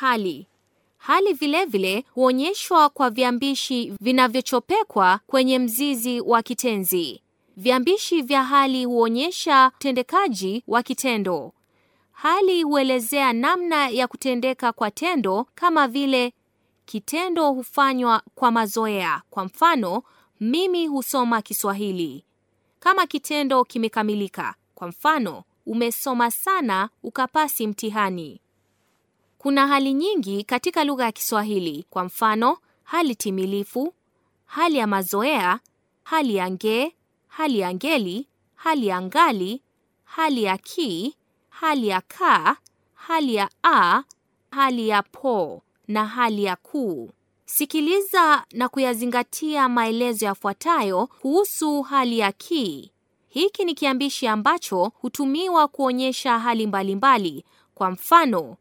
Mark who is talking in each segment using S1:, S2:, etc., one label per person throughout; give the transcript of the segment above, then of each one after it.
S1: hali. Hali vilevile huonyeshwa kwa viambishi vinavyochopekwa kwenye mzizi wa kitenzi. Viambishi vya hali huonyesha utendekaji wa kitendo. Hali huelezea namna ya kutendeka kwa tendo, kama vile kitendo hufanywa kwa mazoea. Kwa mfano, mimi husoma Kiswahili. Kama kitendo kimekamilika, kwa mfano, umesoma sana ukapasi mtihani. Kuna hali nyingi katika lugha ya Kiswahili. Kwa mfano, hali timilifu, hali ya mazoea, hali ya nge, hali ya ngeli, hali ya ngali, hali ya ki, hali ya ka, hali ya a, hali ya po na hali ya ku. Sikiliza na kuyazingatia maelezo yafuatayo kuhusu hali ya ki. Hiki ni kiambishi ambacho hutumiwa kuonyesha hali mbalimbali. Kwa mfano,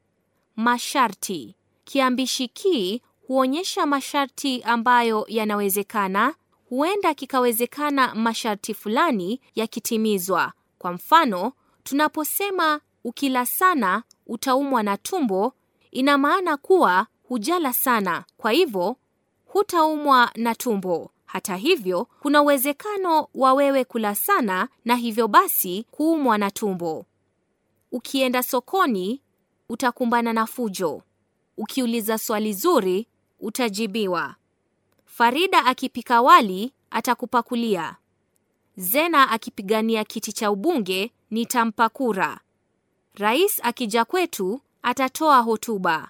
S1: Masharti. Kiambishi ki huonyesha masharti ambayo yanawezekana. Huenda kikawezekana masharti fulani yakitimizwa. Kwa mfano, tunaposema ukila sana utaumwa na tumbo, ina maana kuwa hujala sana, kwa hivyo hutaumwa na tumbo. Hata hivyo, kuna uwezekano wa wewe kula sana na hivyo basi kuumwa na tumbo. Ukienda sokoni utakumbana na fujo. Ukiuliza swali zuri, utajibiwa. Farida akipika wali, atakupakulia. Zena akipigania kiti cha ubunge, nitampa kura. Rais akija kwetu, atatoa hotuba.